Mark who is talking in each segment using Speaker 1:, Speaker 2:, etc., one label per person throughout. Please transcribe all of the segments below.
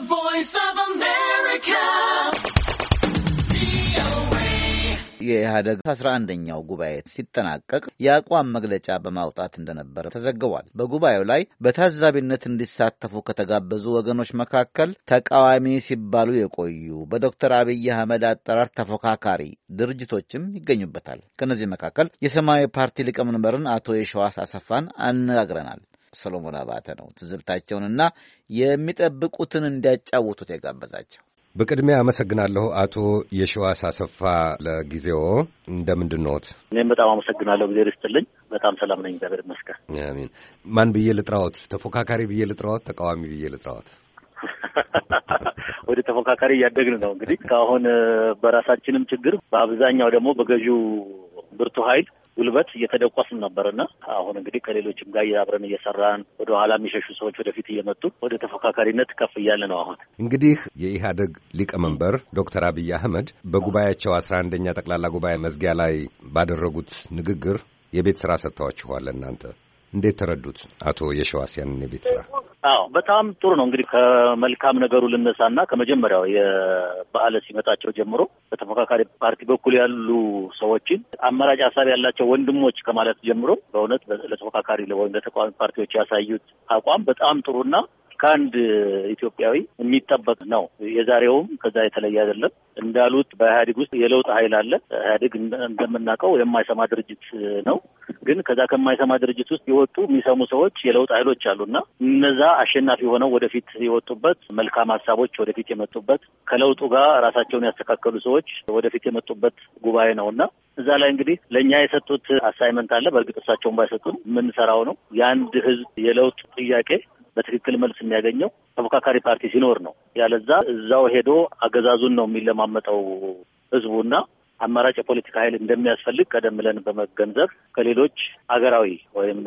Speaker 1: The Voice of America. የኢህአደግ አስራ አንደኛው ጉባኤ ሲጠናቀቅ የአቋም መግለጫ በማውጣት እንደነበረ ተዘግቧል። በጉባኤው ላይ በታዛቢነት እንዲሳተፉ ከተጋበዙ ወገኖች መካከል ተቃዋሚ ሲባሉ የቆዩ በዶክተር አብይ አህመድ አጠራር ተፎካካሪ ድርጅቶችም ይገኙበታል። ከእነዚህ መካከል የሰማያዊ ፓርቲ ሊቀመንበርን አቶ የሸዋስ አሰፋን አነጋግረናል። ሰሎሞን አባተ ነው ትዝብታቸውንና የሚጠብቁትን እንዲያጫውቱት የጋበዛቸው።
Speaker 2: በቅድሚያ አመሰግናለሁ አቶ የሸዋስ አሰፋ ለጊዜው እንደምንድን ነዎት?
Speaker 1: እኔም በጣም አመሰግናለሁ። ጊዜ ርስትልኝ በጣም ሰላም ነኝ፣ እግዚአብሔር ይመስገን።
Speaker 2: አሜን። ማን ብዬ ልጥራዎት? ተፎካካሪ ብዬ ልጥራዎት? ተቃዋሚ ብዬ ልጥራዎት?
Speaker 1: ወደ ተፎካካሪ እያደግን ነው እንግዲህ። ከአሁን በራሳችንም ችግር፣ በአብዛኛው ደግሞ በገዢው ብርቱ ኃይል ጉልበት እየተደቆስን ነበርና አሁን እንግዲህ ከሌሎችም ጋር አብረን እየሰራን ወደ ኋላ የሚሸሹ ሰዎች ወደፊት እየመጡ ወደ ተፎካካሪነት ከፍ እያለ ነው። አሁን
Speaker 2: እንግዲህ የኢህአደግ ሊቀመንበር ዶክተር አብይ አህመድ በጉባኤያቸው አስራ አንደኛ ጠቅላላ ጉባኤ መዝጊያ ላይ ባደረጉት ንግግር የቤት ስራ ሰጥተዋችኋል። እናንተ እንዴት ተረዱት? አቶ የሸዋስያንን የቤት ስራ
Speaker 1: አዎ በጣም ጥሩ ነው። እንግዲህ ከመልካም ነገሩ ልነሳና ከመጀመሪያው የበዓለ ሲመጣቸው ጀምሮ በተፎካካሪ ፓርቲ በኩል ያሉ ሰዎችን አማራጭ ሀሳብ ያላቸው ወንድሞች ከማለት ጀምሮ በእውነት ለተፎካካሪ ወይም ለተቃዋሚ ፓርቲዎች ያሳዩት አቋም በጣም ጥሩና ከአንድ ኢትዮጵያዊ የሚጠበቅ ነው። የዛሬውም ከዛ የተለየ አይደለም። እንዳሉት በኢህአዴግ ውስጥ የለውጥ ኃይል አለ። ኢህአዴግ እንደምናውቀው የማይሰማ ድርጅት ነው። ግን ከዛ ከማይሰማ ድርጅት ውስጥ የወጡ የሚሰሙ ሰዎች የለውጥ ኃይሎች አሉና እነዛ አሸናፊ ሆነው ወደፊት የወጡበት መልካም ሀሳቦች ወደፊት የመጡበት ከለውጡ ጋር ራሳቸውን ያስተካከሉ ሰዎች ወደፊት የመጡበት ጉባኤ ነው እና እዛ ላይ እንግዲህ ለእኛ የሰጡት አሳይመንት አለ። በእርግጥ እሳቸውን ባይሰጡም የምንሰራው ነው። የአንድ ህዝብ የለውጥ ጥያቄ በትክክል መልስ የሚያገኘው ተፎካካሪ ፓርቲ ሲኖር ነው። ያለዛ እዛው ሄዶ አገዛዙን ነው የሚለማመጠው ህዝቡና አማራጭ የፖለቲካ ኃይል እንደሚያስፈልግ ቀደም ብለን በመገንዘብ ከሌሎች አገራዊ ወይም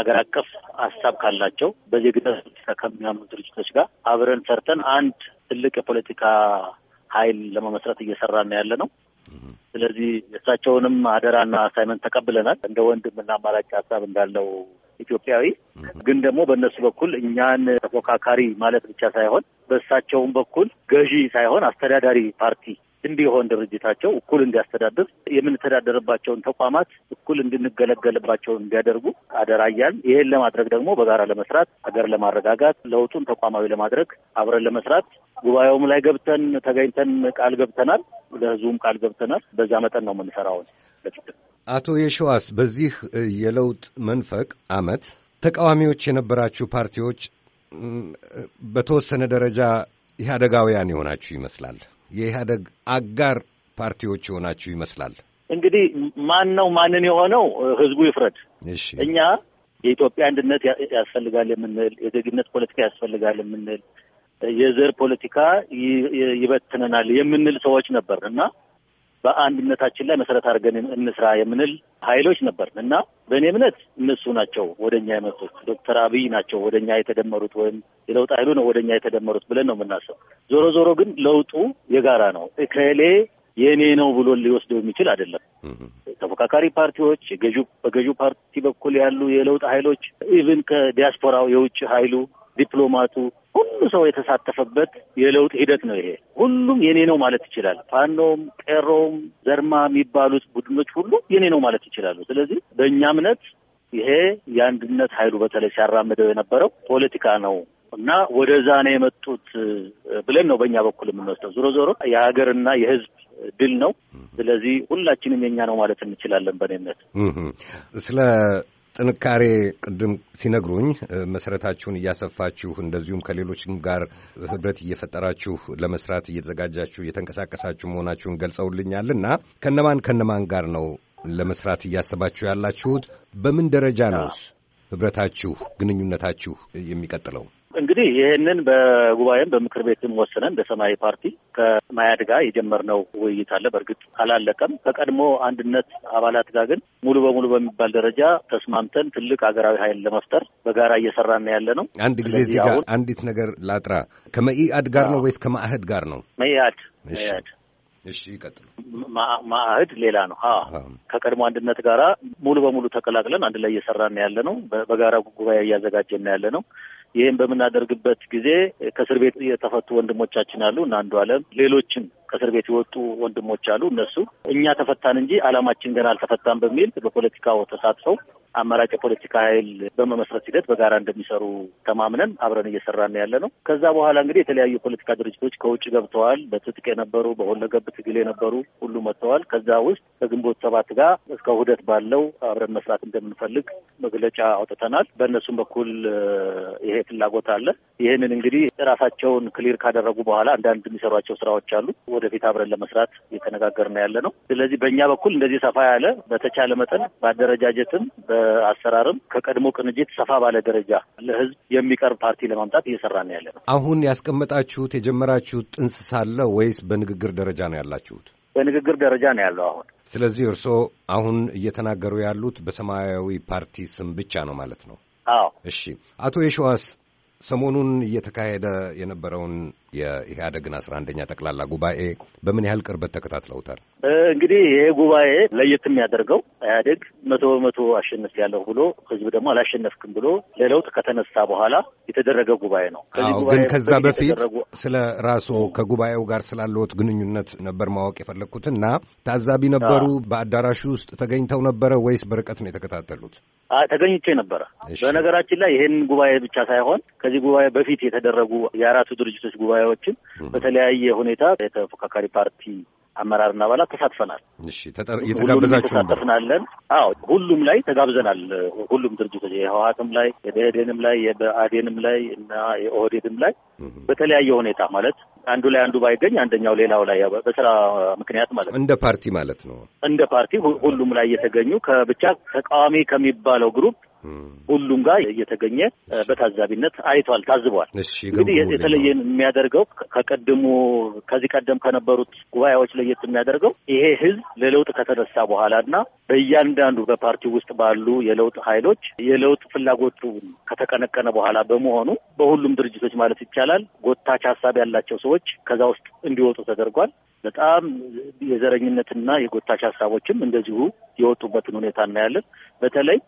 Speaker 1: አገር አቀፍ ሀሳብ ካላቸው በዚህ ግዳ ከሚያምኑ ድርጅቶች ጋር አብረን ሰርተን አንድ ትልቅ የፖለቲካ ኃይል ለመመስረት ነው ያለ ነው። ስለዚህ እሳቸውንም አደራና አሳይመንት ተቀብለናል። እንደ ወንድምና አማራጭ ሀሳብ እንዳለው ኢትዮጵያዊ ግን ደግሞ በእነሱ በኩል እኛን ተፎካካሪ ማለት ብቻ ሳይሆን በእሳቸውም በኩል ገዢ ሳይሆን አስተዳዳሪ ፓርቲ እንዲሆን ድርጅታቸው እኩል እንዲያስተዳድር የምንተዳደርባቸውን ተቋማት እኩል እንድንገለገልባቸው እንዲያደርጉ አደራያል። ይህን ለማድረግ ደግሞ በጋራ ለመስራት ሀገር ለማረጋጋት ለውጡን ተቋማዊ ለማድረግ አብረን ለመስራት ጉባኤውም ላይ ገብተን ተገኝተን ቃል ገብተናል። ለህዝቡም ቃል ገብተናል። በዛ መጠን ነው የምንሰራውን
Speaker 2: ለፊትም አቶ የሸዋስ በዚህ የለውጥ መንፈቅ አመት ተቃዋሚዎች የነበራችሁ ፓርቲዎች በተወሰነ ደረጃ ኢህአደጋውያን የሆናችሁ ይመስላል። የኢህአደግ አጋር ፓርቲዎች የሆናችሁ ይመስላል።
Speaker 1: እንግዲህ ማን ነው ማንን የሆነው? ህዝቡ ይፍረድ። እኛ የኢትዮጵያ አንድነት ያስፈልጋል የምንል የዜግነት ፖለቲካ ያስፈልጋል የምንል የዘር ፖለቲካ ይበትነናል የምንል ሰዎች ነበር እና በአንድነታችን ላይ መሰረት አድርገን እንስራ የምንል ኃይሎች ነበር እና በእኔ እምነት እነሱ ናቸው ወደኛ የመጡት። ዶክተር አብይ ናቸው ወደኛ የተደመሩት ወይም የለውጥ ኃይሉ ነው ወደኛ የተደመሩት ብለን ነው የምናስበው። ዞሮ ዞሮ ግን ለውጡ የጋራ ነው። እከሌ የእኔ ነው ብሎ ሊወስደው የሚችል አይደለም። ተፎካካሪ ፓርቲዎች፣ በገዢው ፓርቲ በኩል ያሉ የለውጥ ኃይሎች፣ ኢቭን ከዲያስፖራው የውጭ ኃይሉ ዲፕሎማቱ ሁሉ ሰው የተሳተፈበት የለውጥ ሂደት ነው። ይሄ ሁሉም የኔ ነው ማለት ይችላል። ፋኖም፣ ቄሮም፣ ዘርማ የሚባሉት ቡድኖች ሁሉ የኔ ነው ማለት ይችላሉ። ስለዚህ በእኛ እምነት ይሄ የአንድነት ኃይሉ በተለይ ሲያራምደው የነበረው ፖለቲካ ነው እና ወደዛ ነው የመጡት ብለን ነው በእኛ በኩል የምንወስደው። ዞሮ ዞሮ የሀገርና የህዝብ ድል ነው። ስለዚህ ሁላችንም የኛ ነው ማለት እንችላለን። በእኔ እምነት
Speaker 2: ስለ ጥንካሬ ቅድም ሲነግሩኝ መሰረታችሁን እያሰፋችሁ እንደዚሁም ከሌሎችም ጋር ህብረት እየፈጠራችሁ ለመስራት እየተዘጋጃችሁ እየተንቀሳቀሳችሁ መሆናችሁን ገልጸውልኛል እና ከነማን ከነማን ጋር ነው ለመስራት እያሰባችሁ ያላችሁት? በምን ደረጃ ነው ህብረታችሁ፣ ግንኙነታችሁ የሚቀጥለው?
Speaker 1: እንግዲህ ይህንን በጉባኤም በምክር ቤትም ወስነን እንደ ሰማያዊ ፓርቲ ከማያድ ጋር የጀመርነው ውይይት አለ። በእርግጥ አላለቀም። ከቀድሞ አንድነት አባላት ጋር ግን ሙሉ በሙሉ በሚባል ደረጃ ተስማምተን ትልቅ አገራዊ ኃይል ለመፍጠር በጋራ እየሰራን ያለ ነው። አንድ ጊዜ እዚህ ጋር
Speaker 2: አንዲት ነገር ላጥራ። ከመኢአድ ጋር ነው ወይስ ከማዕህድ ጋር ነው?
Speaker 1: መኢአድ መኢአድ እሺ ይቀጥሉ። ማአህድ ሌላ ነው። ከቀድሞ አንድነት ጋራ ሙሉ በሙሉ ተቀላቅለን አንድ ላይ እየሰራን ያለ ነው። በጋራ ጉባኤ እያዘጋጀን ያለ ነው። ይህም በምናደርግበት ጊዜ ከእስር ቤት የተፈቱ ወንድሞቻችን አሉ እና አንዱ አለም ሌሎችም ከእስር ቤት የወጡ ወንድሞች አሉ። እነሱ እኛ ተፈታን እንጂ አላማችን ገና አልተፈታም በሚል በፖለቲካው ተሳትፈው አማራጭ የፖለቲካ ኃይል በመመስረት ሂደት በጋራ እንደሚሰሩ ተማምነን አብረን እየሰራን ያለ ነው። ከዛ በኋላ እንግዲህ የተለያዩ የፖለቲካ ድርጅቶች ከውጭ ገብተዋል። በትጥቅ የነበሩ በሁለገብ ትግል የነበሩ ሁሉ መጥተዋል። ከዛ ውስጥ ከግንቦት ሰባት ጋር እስከ ውህደት ባለው አብረን መስራት እንደምንፈልግ መግለጫ አውጥተናል። በእነሱም በኩል ይሄ ፍላጎት አለ። ይህንን እንግዲህ ራሳቸውን ክሊር ካደረጉ በኋላ አንዳንድ የሚሰሯቸው ስራዎች አሉ። ወደፊት አብረን ለመስራት እየተነጋገርን ያለ ነው። ስለዚህ በእኛ በኩል እንደዚህ ሰፋ ያለ በተቻለ መጠን በአደረጃጀትም በአሰራርም ከቀድሞ ቅንጅት ሰፋ ባለ ደረጃ ለህዝብ የሚቀርብ ፓርቲ ለማምጣት እየሰራን ያለ ነው።
Speaker 2: አሁን ያስቀመጣችሁት የጀመራችሁት ጥንስ ሳለ ወይስ በንግግር ደረጃ ነው ያላችሁት?
Speaker 1: በንግግር ደረጃ ነው ያለው አሁን።
Speaker 2: ስለዚህ እርስዎ አሁን እየተናገሩ ያሉት በሰማያዊ ፓርቲ ስም ብቻ ነው ማለት ነው? አዎ። እሺ፣ አቶ የሸዋስ ሰሞኑን እየተካሄደ የነበረውን የኢህአደግን አስራ አንደኛ ጠቅላላ ጉባኤ በምን ያህል ቅርበት ተከታትለውታል?
Speaker 1: እንግዲህ ይሄ ጉባኤ ለየት የሚያደርገው ኢህአደግ መቶ በመቶ አሸንፍ ያለሁ ብሎ ህዝብ ደግሞ አላሸነፍክም ብሎ ለለውጥ ከተነሳ በኋላ የተደረገ ጉባኤ ነው። ግን ከዛ በፊት
Speaker 2: ስለ ራስዎ ከጉባኤው ጋር ስላለዎት ግንኙነት ነበር ማወቅ የፈለግኩት እና ታዛቢ ነበሩ? በአዳራሹ ውስጥ ተገኝተው ነበረ ወይስ በርቀት ነው የተከታተሉት?
Speaker 1: ተገኝቼ ነበረ። በነገራችን ላይ ይህን ጉባኤ ብቻ ሳይሆን ከዚህ ጉባኤ በፊት የተደረጉ የአራቱ ድርጅቶች ጉባኤ ተወካዮችም በተለያየ ሁኔታ የተፎካካሪ ፓርቲ አመራርና አባላት ተሳትፈናል።
Speaker 2: ተሳተፍናለን።
Speaker 1: አዎ ሁሉም ላይ ተጋብዘናል። ሁሉም ድርጅቶች የህወሀትም ላይ የደህዴንም ላይ የበአዴንም ላይ እና የኦህዴድም ላይ በተለያየ ሁኔታ ማለት አንዱ ላይ አንዱ ባይገኝ አንደኛው ሌላው ላይ በስራ ምክንያት ማለት
Speaker 2: እንደ ፓርቲ ማለት ነው።
Speaker 1: እንደ ፓርቲ ሁሉም ላይ እየተገኙ ከብቻ ተቃዋሚ ከሚባለው ግሩፕ ሁሉም ጋር እየተገኘ በታዛቢነት አይቷል፣ ታዝቧል።
Speaker 2: እንግዲህ የተለየ
Speaker 1: የሚያደርገው ከቀድሞ ከዚህ ቀደም ከነበሩት ጉባኤዎች ለየት የሚያደርገው ይሄ ህዝብ ለለውጥ ከተነሳ በኋላና በእያንዳንዱ በፓርቲ ውስጥ ባሉ የለውጥ ኃይሎች የለውጥ ፍላጎቱ ከተቀነቀነ በኋላ በመሆኑ በሁሉም ድርጅቶች ማለት ይቻላል ጎታች ሀሳብ ያላቸው ሰዎች ከዛ ውስጥ እንዲወጡ ተደርጓል። በጣም የዘረኝነትና የጎታች ሀሳቦችም እንደዚሁ የወጡበትን ሁኔታ እናያለን። በተለይ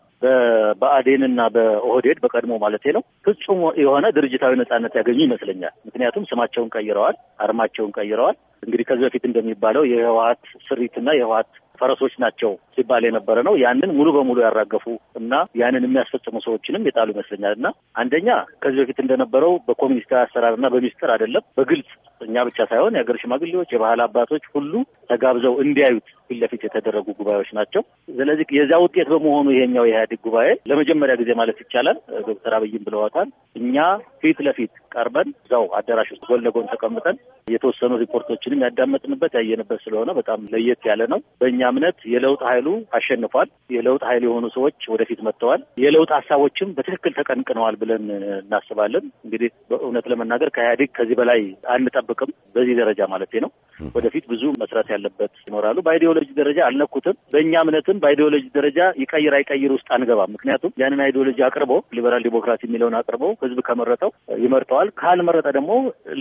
Speaker 1: በአዴን እና በኦህዴድ በቀድሞ ማለት ነው ፍጹም የሆነ ድርጅታዊ ነጻነት ያገኙ ይመስለኛል። ምክንያቱም ስማቸውን ቀይረዋል፣ አርማቸውን ቀይረዋል። እንግዲህ ከዚህ በፊት እንደሚባለው የህወሀት ስሪትና የህወሀት ፈረሶች ናቸው ሲባል የነበረ ነው። ያንን ሙሉ በሙሉ ያራገፉ እና ያንን የሚያስፈጽሙ ሰዎችንም የጣሉ ይመስለኛል እና አንደኛ ከዚህ በፊት እንደነበረው በኮሚኒስታዊ አሰራር እና በሚስጥር አይደለም፣ በግልጽ እኛ ብቻ ሳይሆን የሀገር ሽማግሌዎች፣ የባህል አባቶች ሁሉ ተጋብዘው እንዲያዩት ፊት ለፊት የተደረጉ ጉባኤዎች ናቸው። ስለዚህ የዚያ ውጤት በመሆኑ ይሄኛው የኢህአዴግ ጉባኤ ለመጀመሪያ ጊዜ ማለት ይቻላል ዶክተር አብይም ብለዋታል እኛ ፊት ለፊት ቀርበን እዛው አዳራሽ ውስጥ ጎን ለጎን ተቀምጠን የተወሰኑ ሪፖርቶችንም ያዳመጥንበት ያየንበት ስለሆነ በጣም ለየት ያለ ነው። በእኛ እምነት የለውጥ ኃይሉ አሸንፏል። የለውጥ ኃይል የሆኑ ሰዎች ወደፊት መጥተዋል። የለውጥ ሀሳቦችም በትክክል ተቀንቅነዋል ብለን እናስባለን። እንግዲህ በእውነት ለመናገር ከኢህአዴግ ከዚህ በላይ አንጠብቅም። በዚህ ደረጃ ማለት ነው። ወደፊት ብዙ መስራት ያለበት ይኖራሉ። በአይዲዮሎጂ ደረጃ አልነኩትም። በእኛ እምነትም በአይዲዮሎጂ ደረጃ ይቀይር አይቀይር ውስጥ አንገባም። ምክንያቱም ያንን አይዲዮሎጂ አቅርቦ ሊበራል ዲሞክራሲ የሚለውን አቅርቦ ህዝብ ከመረጠው ይመርጠዋል፣ ካልመረጠ ደግሞ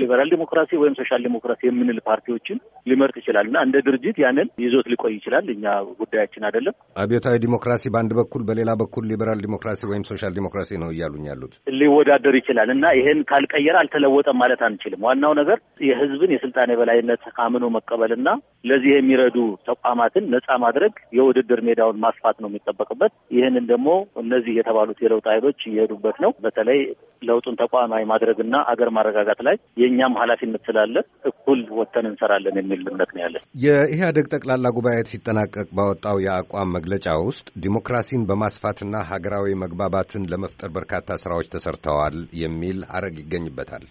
Speaker 1: ሊበራል ዲሞክራሲ ወይም ሶሻል ሶሻል ዲሞክራሲ የምንል ፓርቲዎችን ሊመርጥ ይችላል እና እንደ ድርጅት ያንን ይዞት ሊቆይ ይችላል። እኛ ጉዳያችን አይደለም።
Speaker 2: አብዮታዊ ዲሞክራሲ በአንድ በኩል፣ በሌላ በኩል ሊበራል ዲሞክራሲ ወይም ሶሻል ዲሞክራሲ ነው እያሉኝ ያሉት
Speaker 1: ሊወዳደር ይችላል እና ይህን ካልቀየረ አልተለወጠም ማለት አንችልም። ዋናው ነገር የህዝብን የስልጣን የበላይነት አምኖ መቀበልና ለዚህ የሚረዱ ተቋማትን ነጻ ማድረግ የውድድር ሜዳውን ማስፋት ነው የሚጠበቅበት። ይህንን ደግሞ እነዚህ የተባሉት የለውጥ ኃይሎች እየሄዱበት ነው። በተለይ ለውጡን ተቋማዊ ማድረግና አገር ማረጋጋት ላይ የእኛም ኃላፊነት ስላለ በማለት እኩል ወጥተን እንሰራለን የሚል እምነት ነው ያለን።
Speaker 2: የኢህአዴግ ጠቅላላ ጉባኤ ሲጠናቀቅ ባወጣው የአቋም መግለጫ ውስጥ ዲሞክራሲን በማስፋትና ሀገራዊ መግባባትን ለመፍጠር በርካታ ስራዎች ተሰርተዋል የሚል ሀረግ ይገኝበታል።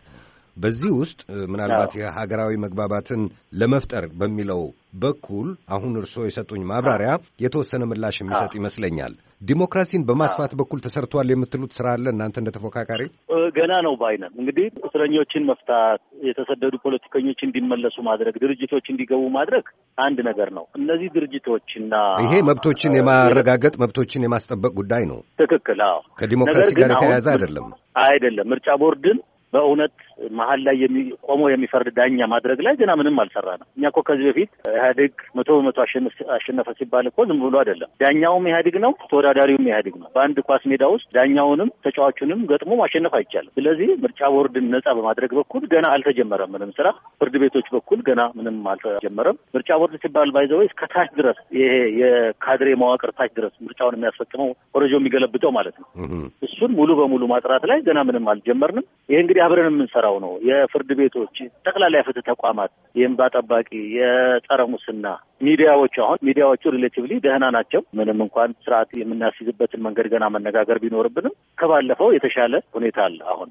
Speaker 2: በዚህ ውስጥ ምናልባት የሀገራዊ መግባባትን ለመፍጠር በሚለው በኩል አሁን እርስዎ የሰጡኝ ማብራሪያ የተወሰነ ምላሽ የሚሰጥ ይመስለኛል። ዲሞክራሲን በማስፋት በኩል ተሰርቷል የምትሉት ስራ አለ እናንተ እንደ ተፎካካሪ?
Speaker 1: ገና ነው ባይነን እንግዲህ እስረኞችን መፍታት፣ የተሰደዱ ፖለቲከኞች እንዲመለሱ ማድረግ፣ ድርጅቶች እንዲገቡ ማድረግ አንድ ነገር ነው። እነዚህ ድርጅቶችና ይሄ
Speaker 2: መብቶችን የማረጋገጥ መብቶችን የማስጠበቅ ጉዳይ ነው። ትክክል። አዎ ከዲሞክራሲ ጋር የተያያዘ አይደለም
Speaker 1: አይደለም። ምርጫ ቦርድን በእውነት መሀል ላይ ቆሞ የሚፈርድ ዳኛ ማድረግ ላይ ገና ምንም አልሰራ ነው። እኛ እኮ ከዚህ በፊት ኢህአዴግ መቶ በመቶ አሸነፈ ሲባል እኮ ዝም ብሎ አይደለም። ዳኛውም ኢህአዴግ ነው፣ ተወዳዳሪውም ኢህአዴግ ነው። በአንድ ኳስ ሜዳ ውስጥ ዳኛውንም ተጫዋቹንም ገጥሞ ማሸነፍ አይቻልም። ስለዚህ ምርጫ ቦርድን ነጻ በማድረግ በኩል ገና አልተጀመረም ምንም ስራ። ፍርድ ቤቶች በኩል ገና ምንም አልተጀመረም። ምርጫ ቦርድ ሲባል ባይዘወይ እስከ ታች ድረስ ይሄ የካድሬ መዋቅር ታች ድረስ ምርጫውን የሚያስፈጽመው ኮረጆ የሚገለብጠው ማለት ነው። እሱን ሙሉ በሙሉ ማጥራት ላይ ገና ምንም አልጀመርንም። ይሄ እንግዲህ አብረን የምንሰራ የሚሰራው ነው። የፍርድ ቤቶች፣ ጠቅላላ የፍትህ ተቋማት፣ የእንባ ጠባቂ፣ የጸረ ሙስና ሚዲያዎች። አሁን ሚዲያዎቹ ሪሌቲቭሊ ደህና ናቸው። ምንም እንኳን ስርዓት የምናስይዝበትን መንገድ ገና መነጋገር ቢኖርብንም ከባለፈው የተሻለ ሁኔታ አለ አሁን።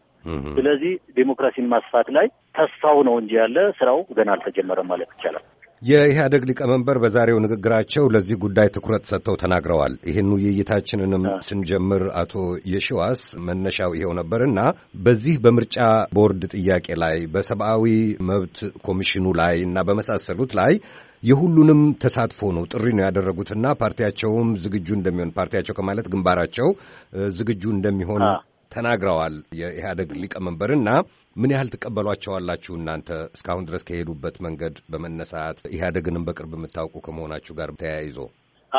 Speaker 1: ስለዚህ ዴሞክራሲን ማስፋት ላይ ተስፋው ነው እንጂ ያለ ስራው ገና አልተጀመረም ማለት ይቻላል።
Speaker 2: የኢህአደግ ሊቀመንበር በዛሬው ንግግራቸው ለዚህ ጉዳይ ትኩረት ሰጥተው ተናግረዋል። ይህን ውይይታችንንም ስንጀምር አቶ የሺዋስ መነሻው ይኸው ነበርና በዚህ በምርጫ ቦርድ ጥያቄ ላይ በሰብአዊ መብት ኮሚሽኑ ላይ እና በመሳሰሉት ላይ የሁሉንም ተሳትፎ ነው ጥሪ ነው ያደረጉትና ፓርቲያቸውም ዝግጁ እንደሚሆን ፓርቲያቸው ከማለት ግንባራቸው ዝግጁ እንደሚሆን ተናግረዋል። የኢህአደግ ሊቀመንበርና ምን ያህል ትቀበሏቸዋላችሁ እናንተ እስካሁን ድረስ ከሄዱበት መንገድ በመነሳት ኢህአደግንም በቅርብ የምታውቁ ከመሆናችሁ ጋር ተያይዞ?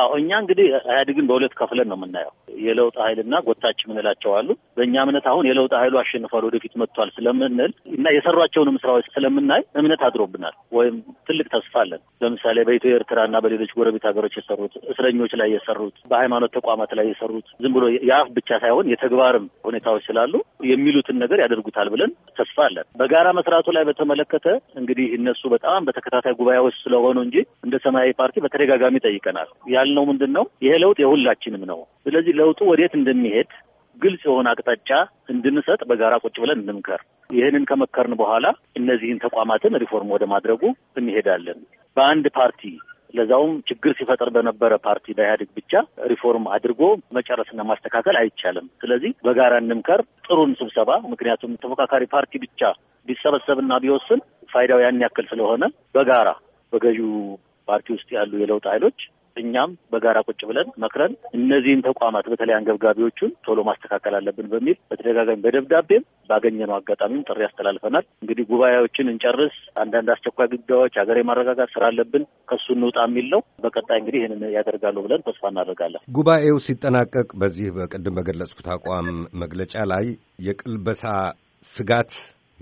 Speaker 1: አዎ እኛ እንግዲህ ኢህአዴግን በሁለት ከፍለን ነው የምናየው። የለውጥ ኃይልና ጎታች የምንላቸው አሉ። በእኛ እምነት አሁን የለውጥ ኃይሉ አሸንፏል፣ ወደፊት መጥቷል ስለምንል እና የሰሯቸውንም ስራዎች ስለምናይ እምነት አድሮብናል ወይም ትልቅ ተስፋ አለን። ለምሳሌ በኢትዮ ኤርትራና በሌሎች ጎረቤት ሀገሮች የሰሩት እስረኞች ላይ የሰሩት በሃይማኖት ተቋማት ላይ የሰሩት ዝም ብሎ የአፍ ብቻ ሳይሆን የተግባርም ሁኔታዎች ስላሉ የሚሉትን ነገር ያደርጉታል ብለን ተስፋ አለን። በጋራ መስራቱ ላይ በተመለከተ እንግዲህ እነሱ በጣም በተከታታይ ጉባኤዎች ስለሆኑ እንጂ እንደ ሰማያዊ ፓርቲ በተደጋጋሚ ጠይቀናል። ያልነው ምንድን ነው ይሄ ለውጥ የሁላችንም ነው። ስለዚህ ለውጡ ወዴት እንደሚሄድ ግልጽ የሆነ አቅጣጫ እንድንሰጥ በጋራ ቁጭ ብለን እንምከር። ይህንን ከመከርን በኋላ እነዚህን ተቋማትን ሪፎርም ወደ ማድረጉ እንሄዳለን። በአንድ ፓርቲ ለዛውም ችግር ሲፈጠር በነበረ ፓርቲ በኢህአዴግ ብቻ ሪፎርም አድርጎ መጨረስና ማስተካከል አይቻልም። ስለዚህ በጋራ እንምከር፣ ጥሩን ስብሰባ። ምክንያቱም ተፎካካሪ ፓርቲ ብቻ ቢሰበሰብና ቢወስን ፋይዳው ያን ያክል ስለሆነ በጋራ በገዢው ፓርቲ ውስጥ ያሉ የለውጥ ኃይሎች እኛም በጋራ ቁጭ ብለን መክረን እነዚህን ተቋማት በተለይ አንገብጋቢዎቹን ቶሎ ማስተካከል አለብን በሚል በተደጋጋሚ በደብዳቤም ባገኘነው አጋጣሚም ጥሪ ያስተላልፈናል። እንግዲህ ጉባኤዎችን እንጨርስ፣ አንዳንድ አስቸኳይ ጉዳዮች፣ ሀገር የማረጋጋት ስራ አለብን፣ ከሱ እንውጣ የሚል ነው። በቀጣይ እንግዲህ ይህንን ያደርጋሉ ብለን ተስፋ እናደርጋለን።
Speaker 2: ጉባኤው ሲጠናቀቅ በዚህ በቅድም በገለጽኩት አቋም መግለጫ ላይ የቅልበሳ ስጋት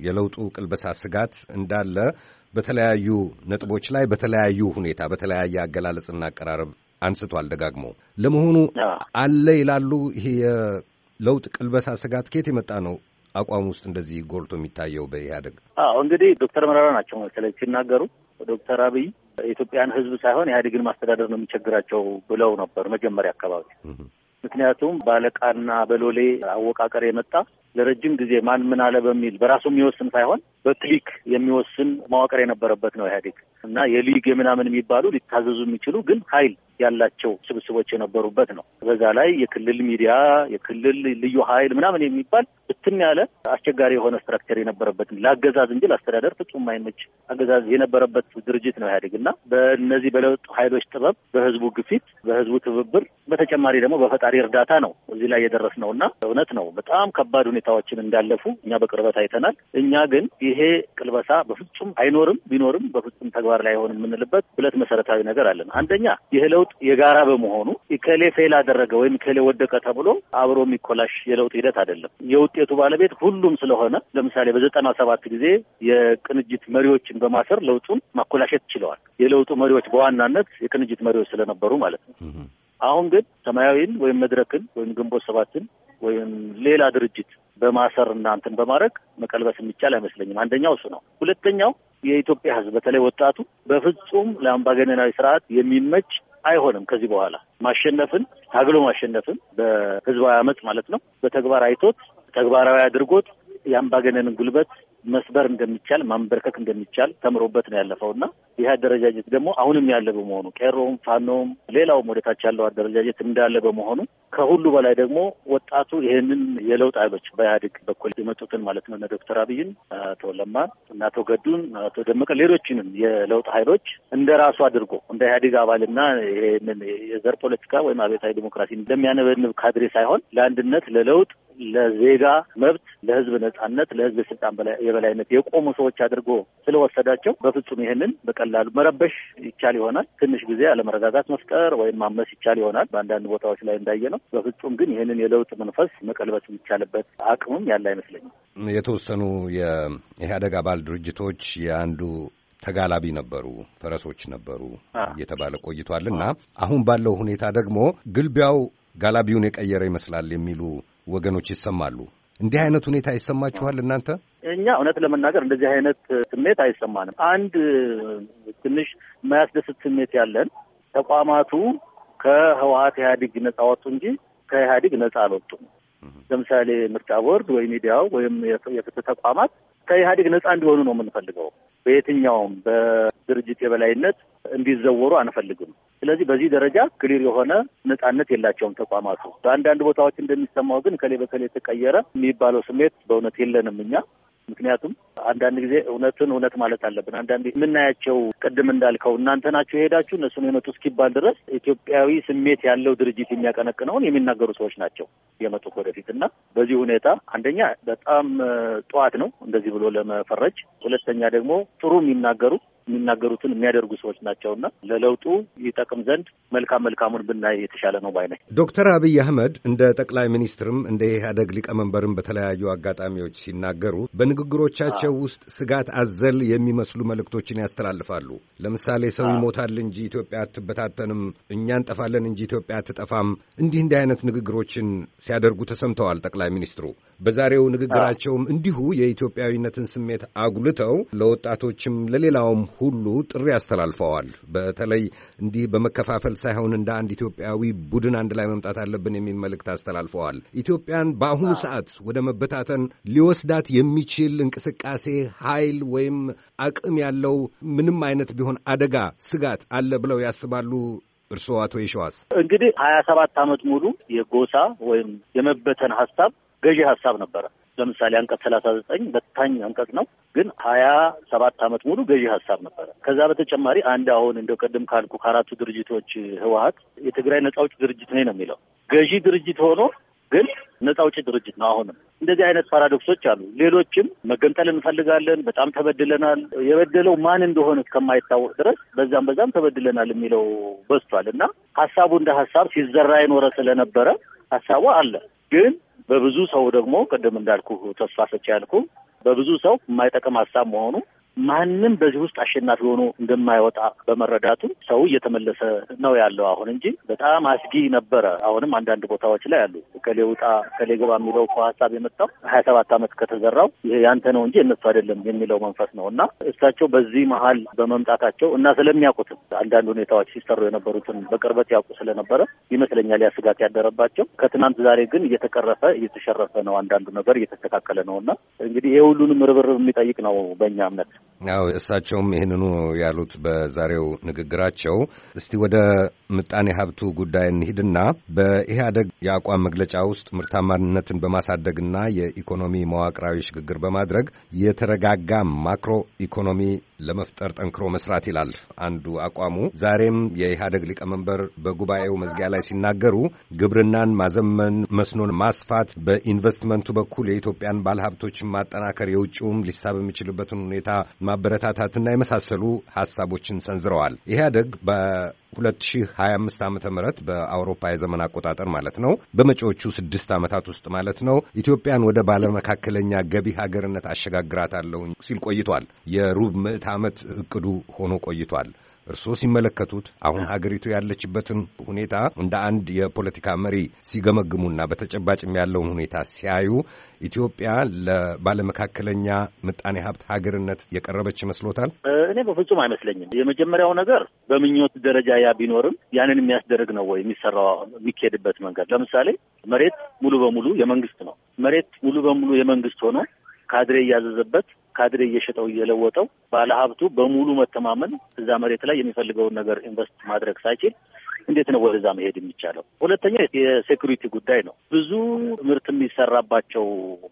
Speaker 2: የለውጡ ቅልበሳ ስጋት እንዳለ በተለያዩ ነጥቦች ላይ በተለያዩ ሁኔታ በተለያየ አገላለጽና አቀራረብ አንስቷል ደጋግሞ። ለመሆኑ አለ ይላሉ ይሄ የለውጥ ቅልበሳ ስጋት ከየት የመጣ ነው? አቋም ውስጥ እንደዚህ ጎልቶ የሚታየው በኢህአደግ?
Speaker 1: አዎ እንግዲህ ዶክተር መረራ ናቸው መሰለኝ ሲናገሩ ዶክተር አብይ የኢትዮጵያን ህዝብ ሳይሆን ኢህአዴግን ማስተዳደር ነው የሚቸግራቸው ብለው ነበር መጀመሪያ አካባቢ። ምክንያቱም ባለቃና በሎሌ አወቃቀር የመጣ ለረጅም ጊዜ ማን ምን አለ በሚል በራሱ የሚወስን ሳይሆን በክሊክ የሚወስን መዋቅር የነበረበት ነው ኢህአዴግ እና የሊግ የምናምን የሚባሉ ሊታዘዙ የሚችሉ ግን ኃይል ያላቸው ስብስቦች የነበሩበት ነው። በዛ ላይ የክልል ሚዲያ፣ የክልል ልዩ ኃይል ምናምን የሚባል ብትን ያለ አስቸጋሪ የሆነ ስትራክቸር የነበረበት ለአገዛዝ እንጂ ለአስተዳደር ፍጹም አይመች አገዛዝ የነበረበት ድርጅት ነው ኢህአዴግ እና በእነዚህ በለውጥ ኃይሎች ጥበብ፣ በህዝቡ ግፊት፣ በህዝቡ ትብብር፣ በተጨማሪ ደግሞ በፈጣሪ እርዳታ ነው እዚህ ላይ የደረስነው እና እውነት ነው በጣም ከባድ ሁኔታዎችን እንዳለፉ እኛ በቅርበት አይተናል። እኛ ግን ይሄ ቅልበሳ በፍጹም አይኖርም፣ ቢኖርም በፍጹም ተግባር ላይ አይሆንም የምንልበት ሁለት መሰረታዊ ነገር አለን። አንደኛ ይህ ለውጥ የጋራ በመሆኑ ኢከሌ ፌል አደረገ ወይም ኢከሌ ወደቀ ተብሎ አብሮ የሚኮላሽ የለውጥ ሂደት አይደለም። የውጤቱ ባለቤት ሁሉም ስለሆነ ለምሳሌ በዘጠና ሰባት ጊዜ የቅንጅት መሪዎችን በማሰር ለውጡን ማኮላሸት ችለዋል። የለውጡ መሪዎች በዋናነት የቅንጅት መሪዎች ስለነበሩ ማለት ነው። አሁን ግን ሰማያዊን ወይም መድረክን ወይም ግንቦት ሰባትን ወይም ሌላ ድርጅት በማሰር እና እንትን በማድረግ መቀልበስ የሚቻል አይመስለኝም። አንደኛው እሱ ነው። ሁለተኛው የኢትዮጵያ ሕዝብ በተለይ ወጣቱ በፍጹም ለአምባገነናዊ ስርዓት የሚመች አይሆንም። ከዚህ በኋላ ማሸነፍን ታግሎ ማሸነፍን በህዝባዊ አመፅ ማለት ነው በተግባር አይቶት ተግባራዊ አድርጎት የአምባገነንን ጉልበት መስበር እንደሚቻል ማንበርከክ እንደሚቻል ተምሮበት ነው ያለፈው እና ይህ አደረጃጀት ደግሞ አሁንም ያለ በመሆኑ ቄሮም፣ ፋኖም፣ ሌላውም ወደታች ያለው አደረጃጀት እንዳለ በመሆኑ ከሁሉ በላይ ደግሞ ወጣቱ ይህንን የለውጥ ኃይሎች በኢህአዴግ በኩል የመጡትን ማለት ነው ዶክተር አብይን፣ አቶ ለማን እና አቶ ገዱን፣ አቶ ደመቀ ሌሎችንም የለውጥ ኃይሎች እንደ ራሱ አድርጎ እንደ ኢህአዴግ አባልና ይህንን የዘር ፖለቲካ ወይም አቤታዊ ዲሞክራሲ እንደሚያነበንብ ካድሬ ሳይሆን ለአንድነት፣ ለለውጥ፣ ለዜጋ መብት፣ ለህዝብ ነጻነት፣ ለህዝብ ስልጣን በላይ የበላይነት የቆሙ ሰዎች አድርጎ ስለወሰዳቸው በፍጹም ይህንን በቀላሉ መረበሽ ይቻል ይሆናል። ትንሽ ጊዜ አለመረጋጋት መፍጠር ወይም ማመስ ይቻል ይሆናል በአንዳንድ ቦታዎች ላይ እንዳየ ነው። በፍጹም ግን ይህንን የለውጥ መንፈስ መቀልበስ የሚቻልበት አቅሙም ያለ አይመስለኝም።
Speaker 2: የተወሰኑ የኢህአደግ አባል ድርጅቶች የአንዱ ተጋላቢ ነበሩ፣ ፈረሶች ነበሩ እየተባለ ቆይቷል እና አሁን ባለው ሁኔታ ደግሞ ግልቢያው ጋላቢውን የቀየረ ይመስላል የሚሉ ወገኖች ይሰማሉ። እንዲህ አይነት ሁኔታ ይሰማችኋል እናንተ?
Speaker 1: እኛ እውነት ለመናገር እንደዚህ አይነት ስሜት አይሰማንም። አንድ ትንሽ የማያስደስት ስሜት ያለን ተቋማቱ ከህወሀት ኢህአዴግ ነጻ ወጡ እንጂ ከኢህአዴግ ነጻ አልወጡም። ለምሳሌ ምርጫ ቦርድ ወይ ሚዲያው ወይም የፍትህ ተቋማት ከኢህአዴግ ነጻ እንዲሆኑ ነው የምንፈልገው። በየትኛውም በድርጅት የበላይነት እንዲዘወሩ አንፈልግም። ስለዚህ በዚህ ደረጃ ክሊር የሆነ ነጻነት የላቸውም ተቋማቱ። በአንዳንድ ቦታዎች እንደሚሰማው ግን ከሌ በከሌ የተቀየረ የሚባለው ስሜት በእውነት የለንም እኛ ምክንያቱም አንዳንድ ጊዜ እውነትን እውነት ማለት አለብን። አንዳንድ የምናያቸው ቅድም እንዳልከው እናንተ ናችሁ የሄዳችሁ እነሱን የመጡ እስኪባል ድረስ ኢትዮጵያዊ ስሜት ያለው ድርጅት የሚያቀነቅነውን የሚናገሩ ሰዎች ናቸው የመጡት ወደፊት እና በዚህ ሁኔታ አንደኛ በጣም ጠዋት ነው እንደዚህ ብሎ ለመፈረጅ፣ ሁለተኛ ደግሞ ጥሩ የሚናገሩ የሚናገሩትን የሚያደርጉ ሰዎች ናቸውና ለለውጡ ይጠቅም ዘንድ መልካም መልካሙን ብናይ የተሻለ ነው ባይ ነኝ።
Speaker 2: ዶክተር አብይ አህመድ እንደ ጠቅላይ ሚኒስትርም እንደ ኢህአደግ ሊቀመንበርም በተለያዩ አጋጣሚዎች ሲናገሩ በንግግሮቻቸው ውስጥ ስጋት አዘል የሚመስሉ መልእክቶችን ያስተላልፋሉ። ለምሳሌ ሰው ይሞታል እንጂ ኢትዮጵያ አትበታተንም፣ እኛ እንጠፋለን እንጂ ኢትዮጵያ አትጠፋም። እንዲህ እንዲህ አይነት ንግግሮችን ሲያደርጉ ተሰምተዋል ጠቅላይ ሚኒስትሩ። በዛሬው ንግግራቸውም እንዲሁ የኢትዮጵያዊነትን ስሜት አጉልተው ለወጣቶችም ለሌላውም ሁሉ ጥሪ አስተላልፈዋል። በተለይ እንዲህ በመከፋፈል ሳይሆን እንደ አንድ ኢትዮጵያዊ ቡድን አንድ ላይ መምጣት አለብን የሚል መልእክት አስተላልፈዋል። ኢትዮጵያን በአሁኑ ሰዓት ወደ መበታተን ሊወስዳት የሚችል እንቅስቃሴ፣ ኃይል ወይም አቅም ያለው ምንም አይነት ቢሆን አደጋ፣ ስጋት አለ ብለው ያስባሉ? እርስዎ አቶ ይሸዋስ
Speaker 1: እንግዲህ ሀያ ሰባት ዓመት ሙሉ የጎሳ ወይም የመበተን ሀሳብ ገዢ ሀሳብ ነበረ። ለምሳሌ አንቀጽ ሰላሳ ዘጠኝ በታኝ አንቀጽ ነው፣ ግን ሀያ ሰባት አመት ሙሉ ገዢ ሀሳብ ነበረ። ከዛ በተጨማሪ አንድ አሁን እንደው ቅድም ካልኩ ከአራቱ ድርጅቶች ህወሀት የትግራይ ነጻ አውጪ ድርጅት ነኝ ነው የሚለው ገዢ ድርጅት ሆኖ ግን ነጻ አውጪ ድርጅት ነው። አሁንም እንደዚህ አይነት ፓራዶክሶች አሉ። ሌሎችም መገንጠል እንፈልጋለን፣ በጣም ተበድለናል፣ የበደለው ማን እንደሆነ እስከማይታወቅ ድረስ በዛም በዛም ተበድለናል የሚለው በዝቷል እና ሀሳቡ እንደ ሀሳብ ሲዘራ የኖረ ስለነበረ ሀሳቡ አለ ግን በብዙ ሰው ደግሞ ቅድም እንዳልኩ ተስፋ ሰጪ ያልኩ በብዙ ሰው የማይጠቅም ሀሳብ መሆኑ ማንም በዚህ ውስጥ አሸናፊ ሆኖ እንደማይወጣ በመረዳቱ ሰው እየተመለሰ ነው ያለው አሁን እንጂ በጣም አስጊ ነበረ። አሁንም አንዳንድ ቦታዎች ላይ አሉ። ከሌውጣ ውጣ እከሌ ግባ የሚለው እኮ ሀሳብ የመጣው ሀያ ሰባት ዓመት ከተዘራው ይሄ ያንተ ነው እንጂ የነሱ አይደለም የሚለው መንፈስ ነው እና እሳቸው በዚህ መሀል በመምጣታቸው እና ስለሚያውቁትም አንዳንድ ሁኔታዎች ሲሰሩ የነበሩትን በቅርበት ያውቁ ስለነበረ ይመስለኛል ያ ስጋት ያደረባቸው። ከትናንት ዛሬ ግን እየተቀረፈ እየተሸረፈ ነው፣ አንዳንዱ ነገር እየተስተካከለ ነው እና እንግዲህ ይህ ሁሉንም ርብርብ የሚጠይቅ ነው በእኛ እምነት።
Speaker 2: አዎ እሳቸውም ይህንኑ ያሉት በዛሬው ንግግራቸው። እስቲ ወደ ምጣኔ ሀብቱ ጉዳይ እንሂድና በኢህአደግ የአቋም መግለጫ ውስጥ ምርታማነትን በማሳደግና የኢኮኖሚ መዋቅራዊ ሽግግር በማድረግ የተረጋጋ ማክሮ ኢኮኖሚ ለመፍጠር ጠንክሮ መስራት ይላል አንዱ አቋሙ። ዛሬም የኢህአደግ ሊቀመንበር በጉባኤው መዝጊያ ላይ ሲናገሩ ግብርናን ማዘመን፣ መስኖን ማስፋት፣ በኢንቨስትመንቱ በኩል የኢትዮጵያን ባለሀብቶችን ማጠናከር፣ የውጭውም ሊሳብ የሚችልበትን ሁኔታ ማበረታታትና የመሳሰሉ ሀሳቦችን ሰንዝረዋል። ኢህአደግ 2025 ዓ ም በአውሮፓ የዘመን አቆጣጠር ማለት ነው። በመጪዎቹ ስድስት ዓመታት ውስጥ ማለት ነው ኢትዮጵያን ወደ ባለመካከለኛ ገቢ ሀገርነት አሸጋግራታለሁ ሲል ቆይቷል። የሩብ ምዕት ዓመት እቅዱ ሆኖ ቆይቷል። እርስዎ ሲመለከቱት አሁን ሀገሪቱ ያለችበትን ሁኔታ እንደ አንድ የፖለቲካ መሪ ሲገመግሙና በተጨባጭም ያለውን ሁኔታ ሲያዩ ኢትዮጵያ ለባለመካከለኛ ምጣኔ ሀብት ሀገርነት የቀረበች ይመስሎታል?
Speaker 1: እኔ በፍጹም አይመስለኝም። የመጀመሪያው ነገር በምኞት ደረጃ ያ ቢኖርም ያንን የሚያስደርግ ነው ወይ የሚሰራው የሚካሄድበት መንገድ? ለምሳሌ መሬት ሙሉ በሙሉ የመንግስት ነው። መሬት ሙሉ በሙሉ የመንግስት ሆኖ ካድሬ እያዘዘበት ካድሬ እየሸጠው እየለወጠው ባለሀብቱ በሙሉ መተማመን እዛ መሬት ላይ የሚፈልገውን ነገር ኢንቨስት ማድረግ ሳይችል እንዴት ነው ወደዛ መሄድ የሚቻለው? ሁለተኛ የሴኩሪቲ ጉዳይ ነው። ብዙ ምርት የሚሰራባቸው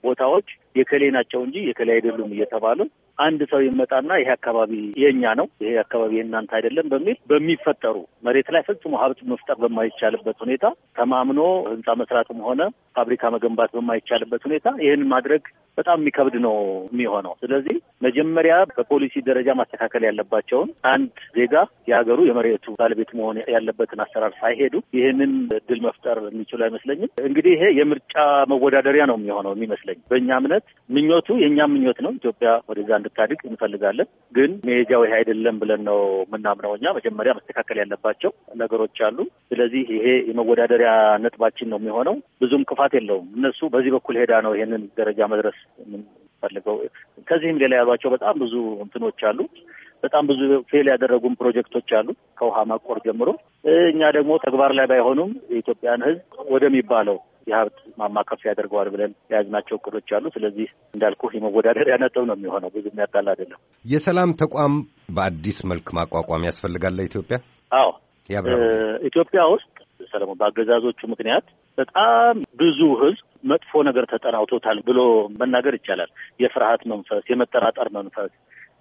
Speaker 1: ቦታዎች የከሌ ናቸው እንጂ የከሌ አይደሉም እየተባሉ አንድ ሰው ይመጣና ይሄ አካባቢ የእኛ ነው፣ ይሄ አካባቢ የእናንተ አይደለም በሚል በሚፈጠሩ መሬት ላይ ፈጽሞ ሀብት መፍጠር በማይቻልበት ሁኔታ ተማምኖ ህንፃ መስራትም ሆነ ፋብሪካ መገንባት በማይቻልበት ሁኔታ ይህን ማድረግ በጣም የሚከብድ ነው የሚሆነው። ስለዚህ መጀመሪያ በፖሊሲ ደረጃ ማስተካከል ያለባቸውን አንድ ዜጋ የሀገሩ የመሬቱ ባለቤት መሆን ያለበት የሚመጥን አሰራር ሳይሄዱ ይህንን እድል መፍጠር የሚችሉ አይመስለኝም። እንግዲህ ይሄ የምርጫ መወዳደሪያ ነው የሚሆነው የሚመስለኝ። በእኛ እምነት ምኞቱ የእኛም ምኞት ነው። ኢትዮጵያ ወደዛ እንድታድግ እንፈልጋለን። ግን መሄጃው ይሄ አይደለም ብለን ነው የምናምነው እኛ። መጀመሪያ መስተካከል ያለባቸው ነገሮች አሉ። ስለዚህ ይሄ የመወዳደሪያ ነጥባችን ነው የሚሆነው። ብዙም ክፋት የለውም። እነሱ በዚህ በኩል ሄዳ ነው ይሄንን ደረጃ መድረስ ፈልገው ከዚህም ሌላ ያሏቸው በጣም ብዙ እንትኖች አሉ። በጣም ብዙ ፌል ያደረጉም ፕሮጀክቶች አሉ ከውሃ ማቆር ጀምሮ። እኛ ደግሞ ተግባር ላይ ባይሆኑም የኢትዮጵያን ሕዝብ ወደሚባለው የሀብት ማማከፍ ያደርገዋል ብለን የያዝናቸው እቅዶች አሉ። ስለዚህ እንዳልኩ የመወዳደሪያ ነጥብ ነው የሚሆነው። ብዙ የሚያጣል አይደለም።
Speaker 2: የሰላም ተቋም በአዲስ መልክ ማቋቋም ያስፈልጋል ለኢትዮጵያ።
Speaker 1: አዎ ኢትዮጵያ ውስጥ ሰለሞን፣ በአገዛዞቹ ምክንያት በጣም ብዙ ህዝብ መጥፎ ነገር ተጠናውቶታል ብሎ መናገር ይቻላል። የፍርሃት መንፈስ፣ የመጠራጠር መንፈስ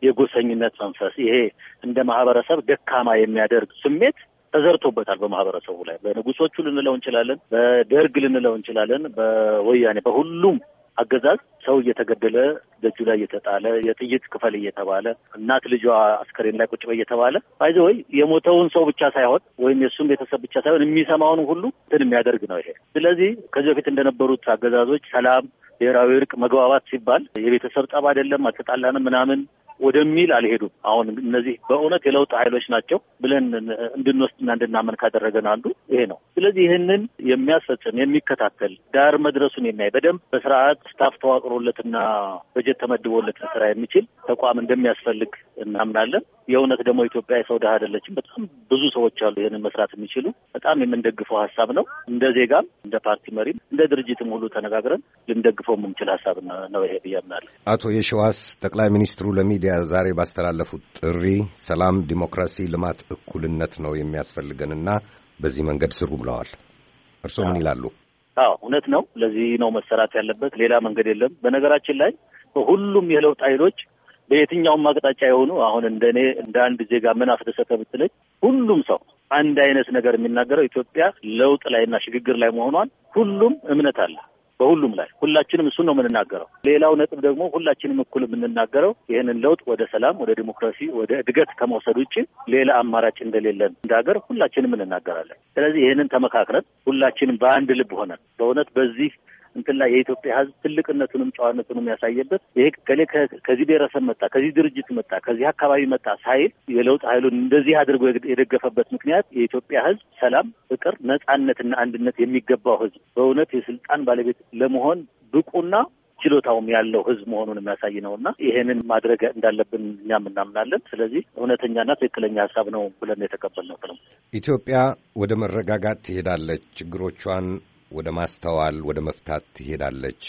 Speaker 1: የጎሰኝነት መንፈስ ይሄ እንደ ማህበረሰብ ደካማ የሚያደርግ ስሜት ተዘርቶበታል በማህበረሰቡ ላይ። በንጉሶቹ ልንለው እንችላለን፣ በደርግ ልንለው እንችላለን፣ በወያኔ በሁሉም አገዛዝ ሰው እየተገደለ ደጁ ላይ እየተጣለ የጥይት ክፈል እየተባለ እናት ልጇ አስከሬን ላይ ቁጭ በይ እየተባለ ባይዘ ወይ የሞተውን ሰው ብቻ ሳይሆን ወይም የእሱም ቤተሰብ ብቻ ሳይሆን የሚሰማውን ሁሉ እንትን የሚያደርግ ነው ይሄ። ስለዚህ ከዚህ በፊት እንደነበሩት አገዛዞች ሰላም፣ ብሔራዊ እርቅ፣ መግባባት ሲባል የቤተሰብ ጠብ አይደለም አልተጣላንም ምናምን ወደሚል አልሄዱም። አሁን እነዚህ በእውነት የለውጥ ኃይሎች ናቸው ብለን እንድንወስድና እንድናመን ካደረገን አንዱ ይሄ ነው። ስለዚህ ይህንን የሚያስፈጽም የሚከታተል ዳር መድረሱን የሚያይ በደንብ በስርዓት ስታፍ ተዋቅሮለትና በጀት ተመድቦለት ስራ የሚችል ተቋም እንደሚያስፈልግ እናምናለን። የእውነት ደግሞ ኢትዮጵያ የሰው ድሀ አይደለችም። በጣም ብዙ ሰዎች አሉ ይህንን መስራት የሚችሉ። በጣም የምንደግፈው ሀሳብ ነው። እንደ ዜጋም፣ እንደ ፓርቲ መሪም፣ እንደ ድርጅትም ሁሉ ተነጋግረን ልንደግፈው የምንችል ሀሳብ ነው ይሄ ብያምናለን።
Speaker 2: አቶ የሸዋስ ጠቅላይ ሚኒስትሩ ለሚዲያ ሚዲያ ዛሬ ባስተላለፉት ጥሪ ሰላም፣ ዲሞክራሲ፣ ልማት፣ እኩልነት ነው የሚያስፈልገንና በዚህ መንገድ ስሩ ብለዋል። እርስዎ ምን ይላሉ?
Speaker 1: አዎ እውነት ነው። ለዚህ ነው መሰራት ያለበት። ሌላ መንገድ የለም። በነገራችን ላይ ሁሉም የለውጥ ኃይሎች በየትኛውም አቅጣጫ የሆኑ አሁን እንደ እኔ እንደ አንድ ዜጋ ምን አስደሰተ ብትለኝ ሁሉም ሰው አንድ አይነት ነገር የሚናገረው ኢትዮጵያ ለውጥ ላይና ሽግግር ላይ መሆኗን ሁሉም እምነት አለ። በሁሉም ላይ ሁላችንም እሱን ነው የምንናገረው። ሌላው ነጥብ ደግሞ ሁላችንም እኩል የምንናገረው ይህንን ለውጥ ወደ ሰላም፣ ወደ ዲሞክራሲ፣ ወደ እድገት ከመውሰድ ውጭ ሌላ አማራጭ እንደሌለን እንደ ሀገር ሁላችንም እንናገራለን። ስለዚህ ይህንን ተመካክረን ሁላችንም በአንድ ልብ ሆነን በእውነት በዚህ እንትን ላይ የኢትዮጵያ ሕዝብ ትልቅነቱንም ጨዋነቱንም ያሳየበት ይሄ ከሌ ከዚህ ብሔረሰብ መጣ፣ ከዚህ ድርጅት መጣ፣ ከዚህ አካባቢ መጣ ሳይል የለውጥ ኃይሉን እንደዚህ አድርጎ የደገፈበት ምክንያት የኢትዮጵያ ሕዝብ ሰላም፣ ፍቅር፣ ነጻነትና አንድነት የሚገባው ሕዝብ በእውነት የስልጣን ባለቤት ለመሆን ብቁና ችሎታውም ያለው ህዝብ መሆኑን የሚያሳይ ነው እና ይሄንን ማድረግ እንዳለብን እኛም እናምናለን። ስለዚህ እውነተኛና ትክክለኛ ሀሳብ ነው ብለን የተቀበልነው።
Speaker 2: ኢትዮጵያ ወደ መረጋጋት ትሄዳለች፣ ችግሮቿን ወደ ማስተዋል ወደ መፍታት ትሄዳለች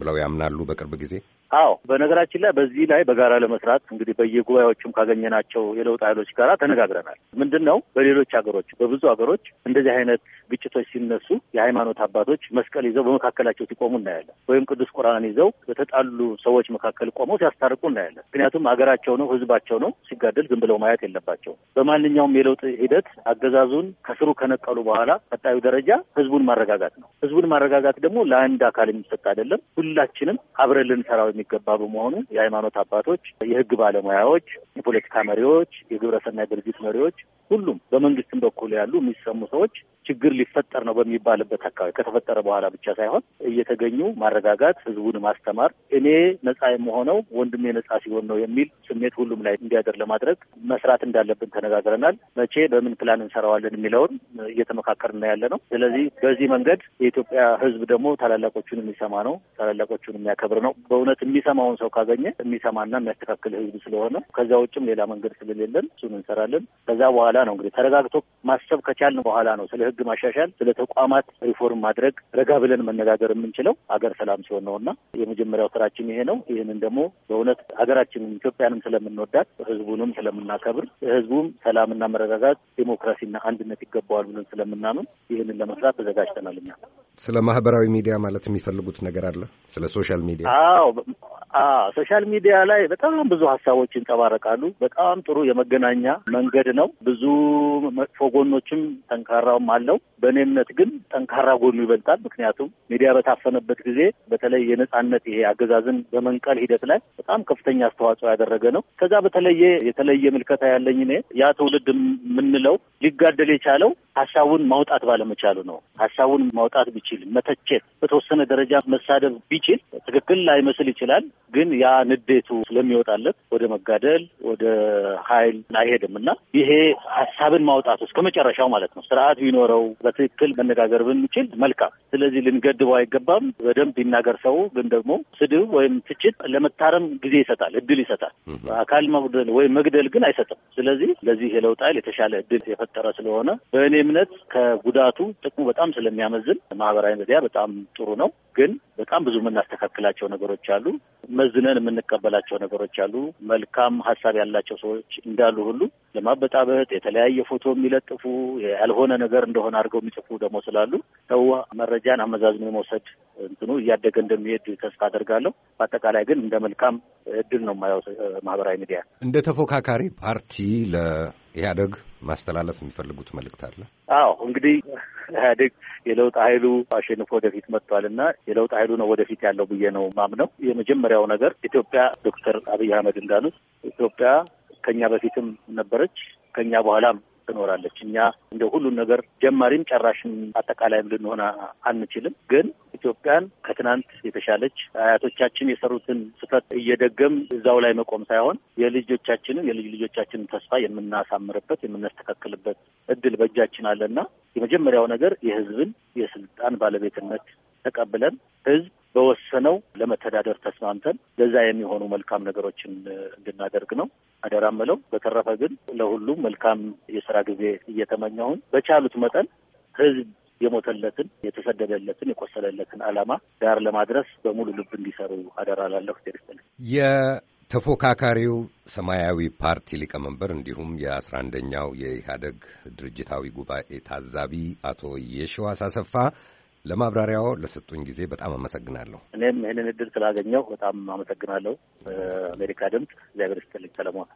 Speaker 2: ብለው ያምናሉ? በቅርብ ጊዜ
Speaker 1: አዎ በነገራችን ላይ በዚህ ላይ በጋራ ለመስራት እንግዲህ በየጉባኤዎችም ካገኘናቸው የለውጥ ኃይሎች ጋራ ተነጋግረናል። ምንድን ነው በሌሎች ሀገሮች በብዙ ሀገሮች እንደዚህ አይነት ግጭቶች ሲነሱ የሃይማኖት አባቶች መስቀል ይዘው በመካከላቸው ሲቆሙ እናያለን። ወይም ቅዱስ ቁርአን ይዘው በተጣሉ ሰዎች መካከል ቆመው ሲያስታርቁ እናያለን። ምክንያቱም ሀገራቸው ነው፣ ህዝባቸው ነው። ሲጋደል ዝም ብለው ማየት የለባቸውም። በማንኛውም የለውጥ ሂደት አገዛዙን ከስሩ ከነቀሉ በኋላ ቀጣዩ ደረጃ ህዝቡን ማረጋጋት ነው። ህዝቡን ማረጋጋት ደግሞ ለአንድ አካል የሚሰጥ አይደለም። ሁላችንም አብረን ልንሰራው የሚ የሚገባ በመሆኑ የሃይማኖት አባቶች፣ የህግ ባለሙያዎች፣ የፖለቲካ መሪዎች፣ የግብረሰናይ ድርጅት መሪዎች ሁሉም በመንግስትም በኩል ያሉ የሚሰሙ ሰዎች ችግር ሊፈጠር ነው በሚባልበት አካባቢ ከተፈጠረ በኋላ ብቻ ሳይሆን እየተገኙ ማረጋጋት፣ ህዝቡን ማስተማር እኔ ነጻ የምሆነው ወንድሜ ነጻ ሲሆን ነው የሚል ስሜት ሁሉም ላይ እንዲያደር ለማድረግ መስራት እንዳለብን ተነጋግረናል። መቼ በምን ፕላን እንሰራዋለን የሚለውን እየተመካከርና ያለ ነው። ስለዚህ በዚህ መንገድ የኢትዮጵያ ህዝብ ደግሞ ታላላቆቹን የሚሰማ ነው፣ ታላላቆቹን የሚያከብር ነው። በእውነት የሚሰማውን ሰው ካገኘ የሚሰማና የሚያስተካክል ህዝብ ስለሆነ ከዛ ውጭም ሌላ መንገድ ስለሌለን እሱን እንሰራለን። ከዛ በኋላ ነው እንግዲህ ተረጋግቶ ማሰብ ከቻልን በኋላ ነው ስለ ህግ ማሻሻል፣ ስለ ተቋማት ሪፎርም ማድረግ ረጋ ብለን መነጋገር የምንችለው አገር ሰላም ሲሆን ነው እና የመጀመሪያው ስራችን ይሄ ነው። ይህንን ደግሞ በእውነት ሀገራችንን ኢትዮጵያንም ስለምንወዳት ህዝቡንም ስለምናከብር ህዝቡም ሰላምና መረጋጋት፣ ዴሞክራሲና አንድነት ይገባዋል ብለን ስለምናምን ይህንን ለመስራት ተዘጋጅተናል። እኛ
Speaker 2: ስለ ማህበራዊ ሚዲያ ማለት የሚፈልጉት ነገር አለ ስለ ሶሻል ሚዲያ?
Speaker 1: አዎ ሶሻል ሚዲያ ላይ በጣም ብዙ ሀሳቦች ይንጸባረቃሉ። በጣም ጥሩ የመገናኛ መንገድ ነው። ብዙ መጥፎ ጎኖችም ጠንካራውም አለው። በእኔ እምነት ግን ጠንካራ ጎኑ ይበልጣል። ምክንያቱም ሚዲያ በታፈነበት ጊዜ በተለይ የነጻነት ይሄ አገዛዝን በመንቀል ሂደት ላይ በጣም ከፍተኛ አስተዋጽኦ ያደረገ ነው። ከዛ በተለየ የተለየ ምልከታ ያለኝ እኔ ያ ትውልድ የምንለው ሊጋደል የቻለው ሀሳቡን ማውጣት ባለመቻሉ ነው። ሀሳቡን ማውጣት ቢችል፣ መተቸት፣ በተወሰነ ደረጃ መሳደብ ቢችል ትክክል ላይመስል ይችላል ይችላል። ግን ያ ንዴቱ ስለሚወጣለት ወደ መጋደል ወደ ኃይል አይሄድም እና ይሄ ሀሳብን ማውጣት እስከ መጨረሻው ማለት ነው። ስርዓት ቢኖረው በትክክል መነጋገር ብንችል መልካም። ስለዚህ ልንገድበው አይገባም። በደንብ ይናገር ሰው። ግን ደግሞ ስድብ ወይም ትችት ለመታረም ጊዜ ይሰጣል፣ እድል ይሰጣል። አካል መጉደል ወይም መግደል ግን አይሰጥም። ስለዚህ ለዚህ የለውጥ ኃይል የተሻለ እድል የፈጠረ ስለሆነ በእኔ እምነት ከጉዳቱ ጥቅሙ በጣም ስለሚያመዝን ማህበራዊ ሚዲያ በጣም ጥሩ ነው። ግን በጣም ብዙ የምናስተካክላቸው ነገሮች አሉ። ሁሉም መዝነን የምንቀበላቸው ነገሮች አሉ። መልካም ሀሳብ ያላቸው ሰዎች እንዳሉ ሁሉ ለማበጣበጥ የተለያየ ፎቶ የሚለጥፉ ያልሆነ ነገር እንደሆነ አድርገው የሚጽፉ ደግሞ ስላሉ ሰው መረጃን አመዛዝኖ የመውሰድ እንትኑ እያደገ እንደሚሄድ ተስፋ አደርጋለሁ። በአጠቃላይ ግን እንደ መልካም እድል ነው የማየው ማህበራዊ ሚዲያ
Speaker 2: እንደ ተፎካካሪ ፓርቲ ለኢህአደግ ማስተላለፍ የሚፈልጉት መልእክት አለ?
Speaker 1: አዎ እንግዲህ ኢህአዴግ የለውጥ ኃይሉ አሸንፎ ወደፊት መጥቷል እና የለውጥ ኃይሉ ነው ወደፊት ያለው ብዬ ነው ማምነው። የመጀመሪያው ነገር ኢትዮጵያ ዶክተር አብይ አህመድ እንዳሉት ኢትዮጵያ ከኛ በፊትም ነበረች ከኛ በኋላም ትኖራለች። እኛ እንደ ሁሉን ነገር ጀማሪም ጨራሽም አጠቃላይም ልንሆን አንችልም። ግን ኢትዮጵያን ከትናንት የተሻለች አያቶቻችን የሰሩትን ስህተት እየደገም እዛው ላይ መቆም ሳይሆን የልጆቻችንን የልጅ ልጆቻችንን ተስፋ የምናሳምርበት የምናስተካክልበት እድል በእጃችን አለና የመጀመሪያው ነገር የህዝብን የስልጣን ባለቤትነት ተቀብለን ህዝብ በወሰነው ለመተዳደር ተስማምተን ለዛ የሚሆኑ መልካም ነገሮችን እንድናደርግ ነው። አደራ ምለው። በተረፈ ግን ለሁሉም መልካም የስራ ጊዜ እየተመኘሁን በቻሉት መጠን ህዝብ የሞተለትን የተሰደደለትን የቆሰለለትን ዓላማ ዳር ለማድረስ በሙሉ ልብ እንዲሰሩ አደራ ላለሁ ቴርስትል
Speaker 2: ሰማያዊ ፓርቲ ሊቀመንበር እንዲሁም የአስራ አንደኛው የኢህአደግ ድርጅታዊ ጉባኤ ታዛቢ አቶ የሸዋስ አሰፋ ለማብራሪያው ለሰጡኝ ጊዜ በጣም አመሰግናለሁ።
Speaker 1: እኔም ይህንን እድል ስላገኘው በጣም አመሰግናለሁ። አሜሪካ ድምፅ፣ እግዚአብሔር ይስጥልኝ ሰለሞን።